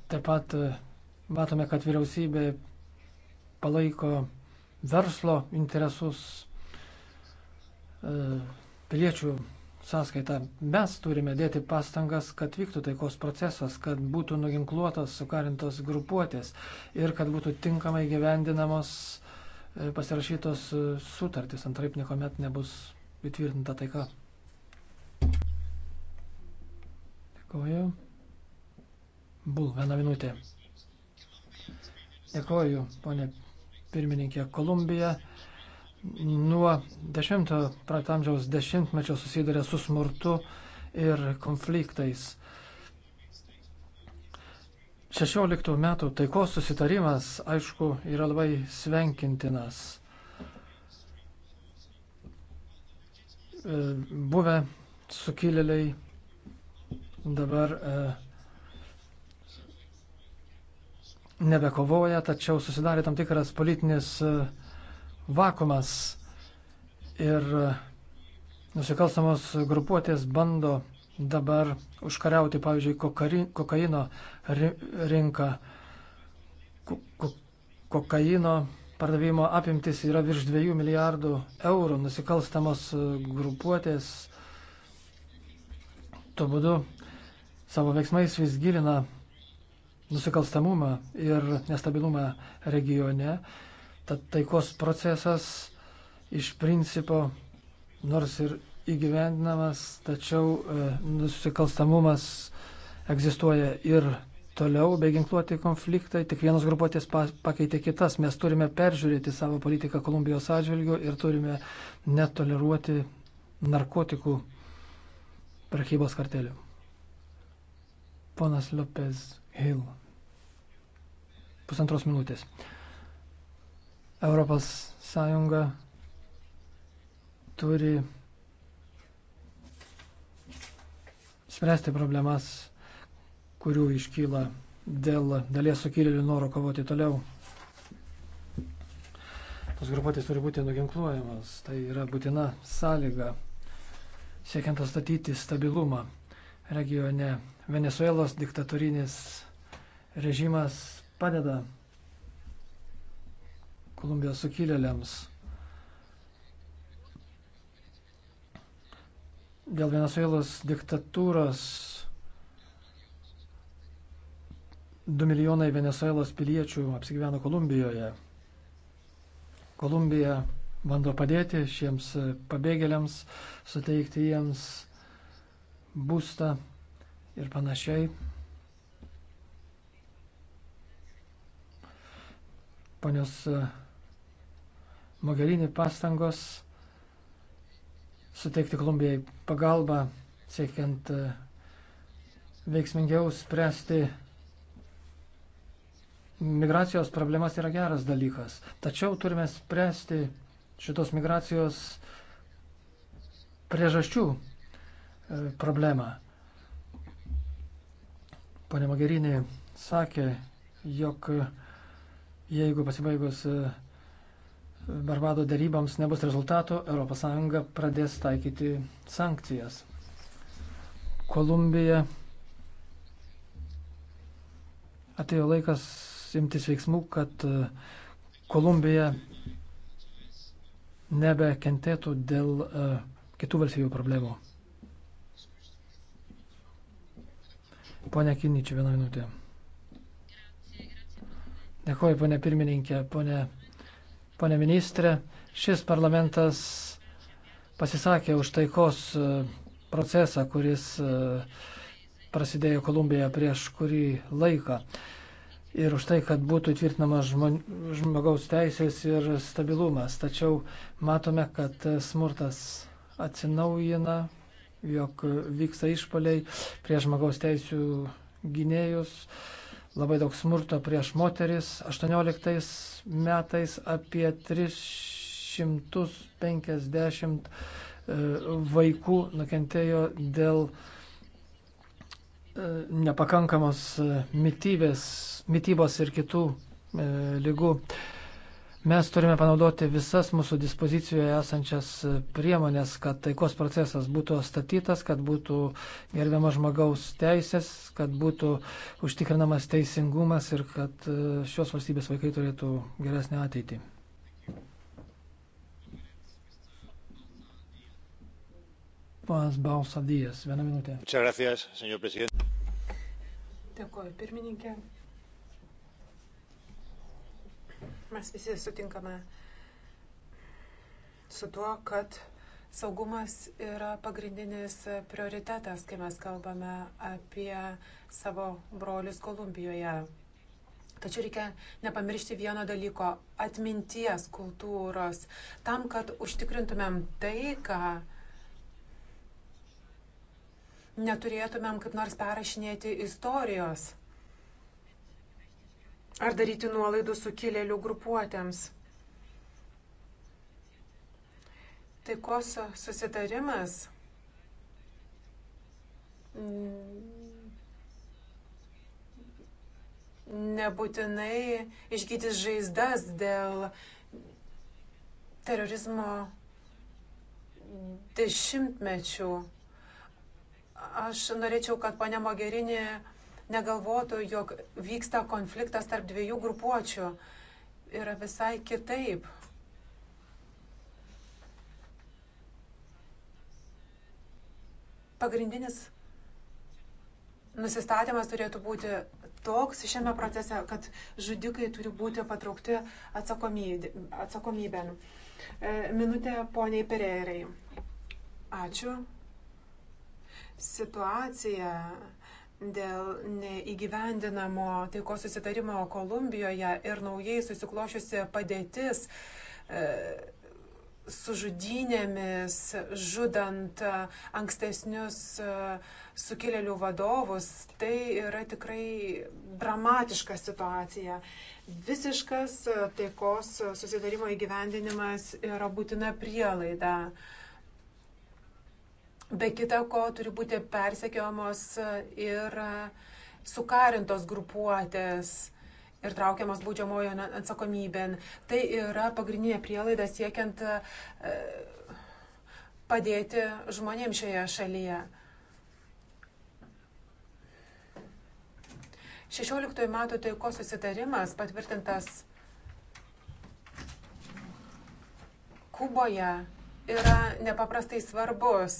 taip pat e, matome, kad vyriausybė palaiko verslo interesus e, piliečių sąskaitą. Mes turime dėti pastangas, kad vyktų taikos procesas, kad būtų nuginkluotos, sukarintos grupuotės ir kad būtų tinkamai gyvendinamos e, pasirašytos e, sutartys, antraip niekuomet nebus įtvirtinta taika. Dėkoju. Bul, vieną minutę. Dėkoju, ponė pirmininkė Kolumbija nuo 10-ojo amžiaus dešimtmečio susiduria su smurtu ir konfliktais. 16 metų taikos susitarimas, aišku, yra labai svenkintinas. E, buvę sukilėliai dabar e, nebekovoja, tačiau susidarė tam tikras politinis e, vakumas ir e, nusikalstamos grupuotės bando dabar užkariauti, pavyzdžiui, kokaino rinką. Kokaino pardavimo apimtis yra virš 2 milijardų eurų. Nusikalstamos e, grupuotės tuo būdu savo veiksmais vis gilina nusikalstamumą ir nestabilumą regione. Tad taikos procesas iš principo nors ir įgyvendinamas, tačiau e, nusikalstamumas egzistuoja ir toliau, bei ginkluoti konfliktai, tik vienos grupuotės pakeitė kitas. Mes turime peržiūrėti savo politiką Kolumbijos atžvilgių ir turime netoleruoti narkotikų prekybos kartelių. Ponas Lopez Hill. Pusantros minutės. Europos Sąjunga turi spręsti problemas, kurių iškyla dėl dalies sukilėlių noro kovoti toliau. Tos grupuotės turi būti nuginkluojamos. Tai yra būtina sąlyga siekiant atstatyti stabilumą regione Venezuelos diktatūrinis režimas padeda Kolumbijos sukilėliams. Dėl Venezuelos diktatūros 2 milijonai Venezuelos piliečių apsigyveno Kolumbijoje. Kolumbija bando padėti šiems pabėgėliams, suteikti jiems būstą ir panašiai. Ponios e, Mogherini pastangos suteikti Kolumbijai pagalbą, siekiant e, veiksmingiau spręsti migracijos problemas yra geras dalykas. Tačiau turime spręsti šitos migracijos priežasčių e, problemą. Pane Magerinė sakė, jog jeigu pasibaigus e, Barbado daryboms nebus rezultatų, ES pradės taikyti sankcijas. Kolumbija atėjo laikas imtis veiksmų, kad e, Kolumbija nebekentėtų dėl e, kitų valstybių problemų. Pone Kiničiu, vieną minutę. Dėkuoju, ponė pirmininkė, ponė, ponė ministrė. Šis parlamentas pasisakė už taikos e, procesą, kuris e, prasidėjo Kolumbijoje prieš kurį laiką. Ir už tai, kad būtų tvirtinamas žmogaus teisės ir stabilumas. Tačiau matome, kad e, smurtas atsinaujina, jog vyksta išpaliai prie žmogaus teisų gynėjus, labai daug smurto prieš moteris. 18 metais apie 350 e, vaikų nukentėjo dėl e, nepakankamos e, mytybės, mytybos ir kitų lygų. Mes turime panaudoti visas mūsų dispozicijoje esančias priemonės, kad taikos procesas būtų statytas, kad būtų gerbiamas žmogaus teisės, kad būtų užtikrinamas teisingumas ir kad e, šios valstybės vaikai turėtų geresnę ateitį. Ponas Bausadijas, vieną minutę. Dėkuoju, pirmininkė. Mes visi sutinkame su tuo, kad saugumas yra pagrindinis prioritetas, kai mes kalbame apie savo brolius Kolumbijoje. Tačiau reikia nepamiršti vieno dalyko - atminties kultūros. Tam, kad užtikrintumėm taiką, neturėtumėm kaip nors perrašinėti istorijos. Ar daryti nuolaidų sukilėlių grupuotėms? Taikos susitarimas nebūtinai išgydys žaizdas dėl terorizmo dešimtmečių. Aš norėčiau, kad ponia Mogerinė negalvotų, jog vyksta konfliktas tarp dviejų grupuočių. Yra visai kitaip. Pagrindinis nusistatymas turėtų būti toks šiame procese, kad žudikai turi būti patraukti atsakomybėn. E, minutė poniai Pereirai. Ačiū. Situacija dėl neįgyvendinamo taikos susitarimo Kolumbijoje ir naujai susiklošiusi padėtis e, su žudynėmis, žudant e, ankstesnius e, sukilėlių vadovus, tai yra tikrai dramatiška situacija. Visiškas e, taikos susidarimo įgyvendinimas yra būtina prielaida. E, Be kita ko turi būti persekiojamos e, ir e, sukarintos grupuotės ir traukiamas baudžiamojo atsakomybėn. Tai yra pagrindinė prielaida siekiant e, padėti žmonėms šioje šalyje. 16 metų taikos susitarimas patvirtintas Kuboje yra nepaprastai svarbus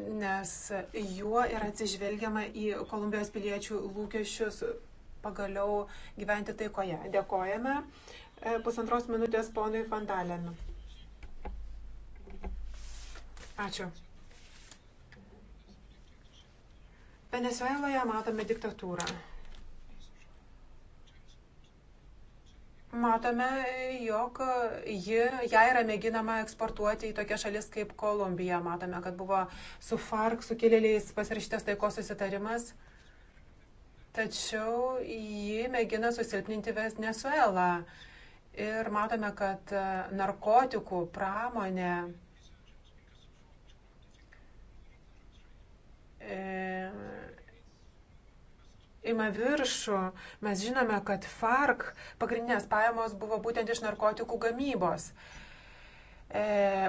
nes juo yra atsižvelgiama į Kolumbijos piliečių lūkesčius pagaliau gyventi taikoje. Dėkojame e, pusantros minutės ponui Fandalenu. Ačiū. Venezueloje matome diktatūrą. matome, jog ji, ją yra mėginama eksportuoti į tokias šalis kaip Kolumbija. Matome, kad buvo su FARC sukilėliais pasirašytas taikos susitarimas. Tačiau ji mėgina susilpninti Venezuelą. Ir matome, kad e, narkotikų pramonė e, ima viršų. Mes žinome, kad FARC pagrindinės pajamos buvo būtent iš narkotikų gamybos, e,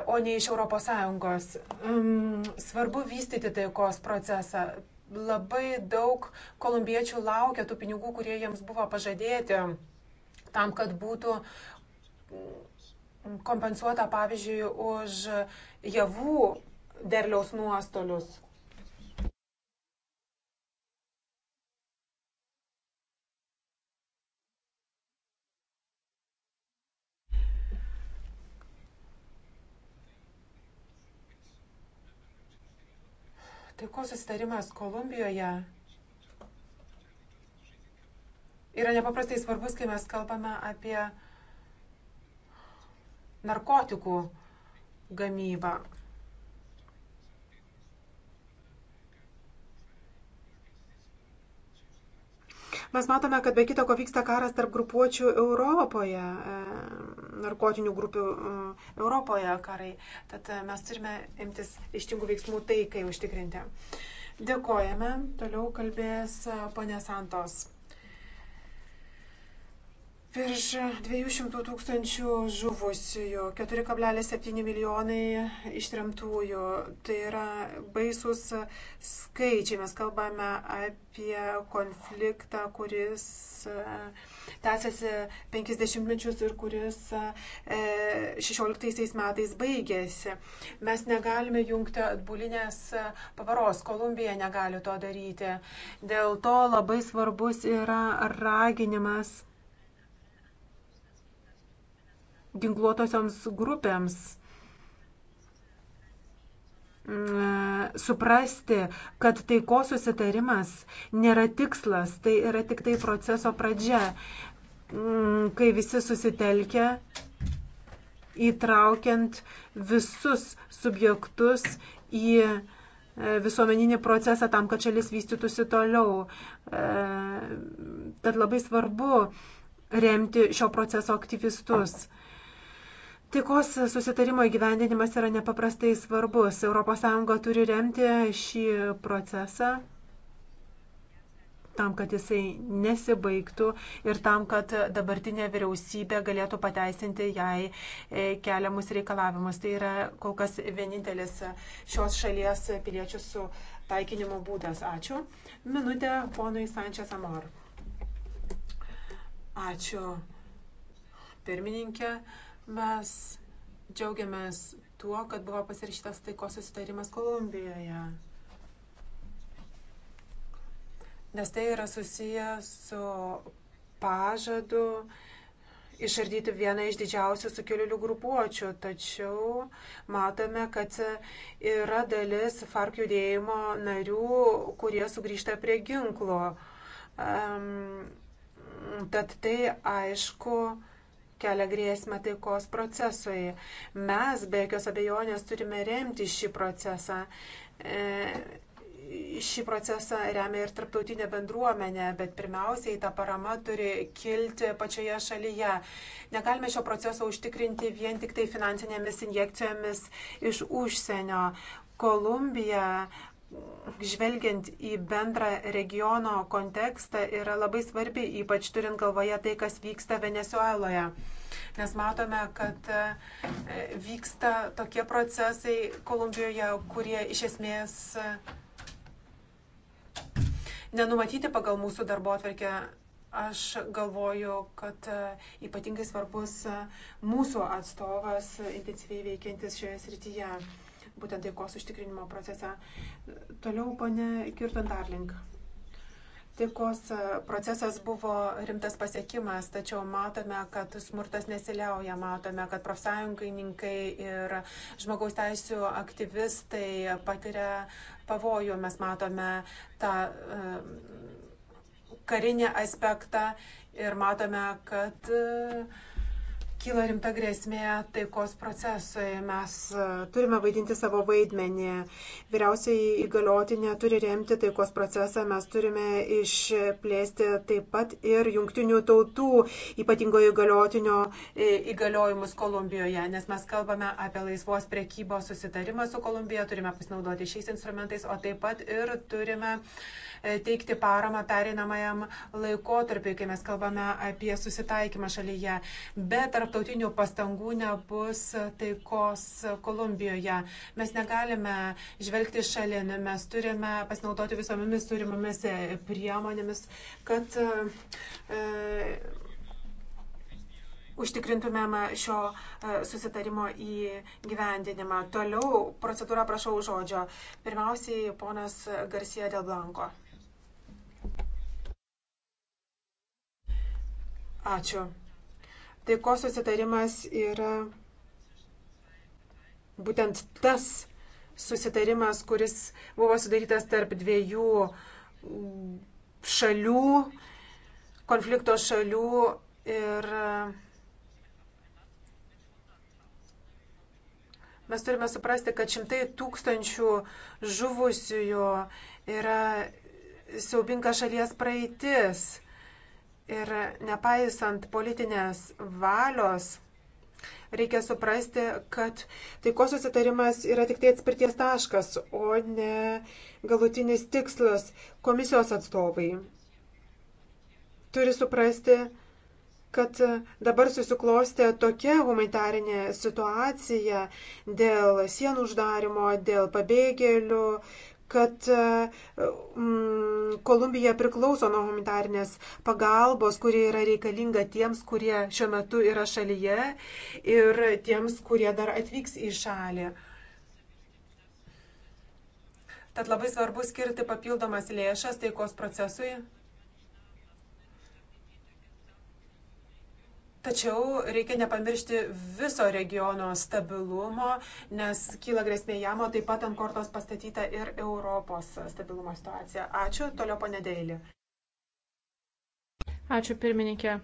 o ne iš ES. Mm, svarbu vystyti taikos procesą. Labai daug kolumbiečių laukia tų pinigų, kurie jiems buvo pažadėti tam, kad būtų kompensuota, pavyzdžiui, už javų derliaus nuostolius. Taikos susitarimas Kolumbijoje yra nepaprastai svarbus, kai mes kalbame apie narkotikų gamybą. Mes matome, kad be kita ko vyksta karas tarp grupuočių Europoje narkotinių grupių mm, Europoje karai. Tad e, mes turime imtis ištingų veiksmų taikai užtikrinti. Dėkojame. Toliau kalbės e, ponė Santos. Virš 200 tūkstančių žuvusiųjų, 4,7 milijonai ištremtųjų. Tai yra baisus skaičiai. Mes kalbame apie konfliktą, kuris e, tęsiasi 50 mečius ir kuris 16 e, metais baigėsi. Mes negalime jungti atbulinės pavaros. Kolumbija negali to daryti. Dėl to labai svarbus yra raginimas ginkluotosioms grupėms mm, suprasti, kad taikos susitarimas nėra tikslas, tai yra tik tai proceso pradžia, mm, kai visi susitelkia, įtraukiant visus subjektus į e, visuomeninį procesą tam, kad šalis vystytųsi toliau. E, tad labai svarbu remti šio proceso aktyvistus. Okay. Tikos susitarimo įgyvendinimas yra nepaprastai svarbus. ES turi remti šį procesą tam, kad jisai nesibaigtų ir tam, kad dabartinė vyriausybė galėtų pateisinti jai e, keliamus reikalavimus. Tai yra kol kas vienintelis šios šalies piliečių su taikinimo būdas. Ačiū. Minutė ponui Sančias Amor. Ačiū. Pirmininkė. Mes džiaugiamės tuo, kad buvo pasirašytas taikos susitarimas Kolumbijoje. Nes tai yra susiję su pažadu išardyti vieną iš didžiausių sukilėlių grupuočių. Tačiau matome, kad yra dalis FARC judėjimo narių, kurie sugrįžta prie ginklo. Um, tad tai aišku, kelia grėsmę taikos procesui. Mes be jokios abejonės turime remti šį procesą. E, šį procesą remia ir tarptautinė bendruomenė, bet pirmiausiai ta parama turi kilti pačioje šalyje. Negalime šio proceso užtikrinti vien tik tai finansinėmis injekcijomis iš užsienio. Kolumbija žvelgiant į bendrą regiono kontekstą, yra labai svarbi, ypač turint galvoje tai, kas vyksta Venezueloje. Nes matome, kad e, vyksta tokie procesai Kolumbijoje, kurie iš esmės e, nenumatyti pagal mūsų darbo atverkę. Aš galvoju, kad e, ypatingai svarbus mūsų atstovas intensyviai veikiantis šioje srityje būtent taikos užtikrinimo procese. Toliau, ponė Kirton Darling. Taikos e, procesas buvo rimtas pasiekimas, tačiau matome, kad smurtas nesiliauja, matome, kad profsąjungininkai ir žmogaus teisų aktyvistai patiria pavojų, mes matome tą e, karinį aspektą ir matome, kad uh, kyla rimta grėsmė taikos procesui. Mes e, turime vaidinti savo vaidmenį. Vyriausiai įgaliotinė turi remti taikos procesą. Mes turime išplėsti taip pat ir jungtinių tautų ypatingojo įgaliotinio e, įgaliojimus Kolumbijoje, nes mes kalbame apie laisvos priekybos susitarimą su Kolumbija, turime pasinaudoti šiais instrumentais, o taip pat ir turime. Uh, teikti paramą pereinamajam laikotarpiu, kai mes kalbame apie susitaikymą šalyje. Be tarptautinių pastangų nebus taikos Kolumbijoje. Mes negalime žvelgti šalin, mes turime pasinaudoti visomis turimomis priemonėmis, kad e, užtikrintumėm šio e, susitarimo įgyvendinimą. Toliau procedūrą prašau žodžio. Pirmiausiai ponas Garcia dėl Blanko. Ačiū. Taikos susitarimas yra būtent tas susitarimas, kuris buvo sudarytas tarp dviejų šalių, konflikto šalių ir mes turime suprasti, kad šimtai tūkstančių žuvusiųjų yra siaubinga šalies praeitis. Ir nepaisant politinės valios, reikia suprasti, kad taikos susitarimas yra tik tai atspirties taškas, o ne galutinis tikslas. Komisijos atstovai turi suprasti, kad dabar susiklostė tokia humanitarinė situacija dėl sienų uždarimo, dėl pabėgėlių, kad mm, Kolumbija priklauso nuo humanitarnės pagalbos, kuri yra reikalinga tiems, kurie šiuo metu yra šalyje ir tiems, kurie dar atvyks į šalį. Tad labai svarbu skirti papildomas lėšas taikos procesui Tačiau reikia nepamiršti viso regiono stabilumo, nes kyla grėsmė jam, o taip pat ant kortos pastatyta ir Europos stabilumo situacija. Ačiū, toliau ponedėlį. Ačiū pirmininkė.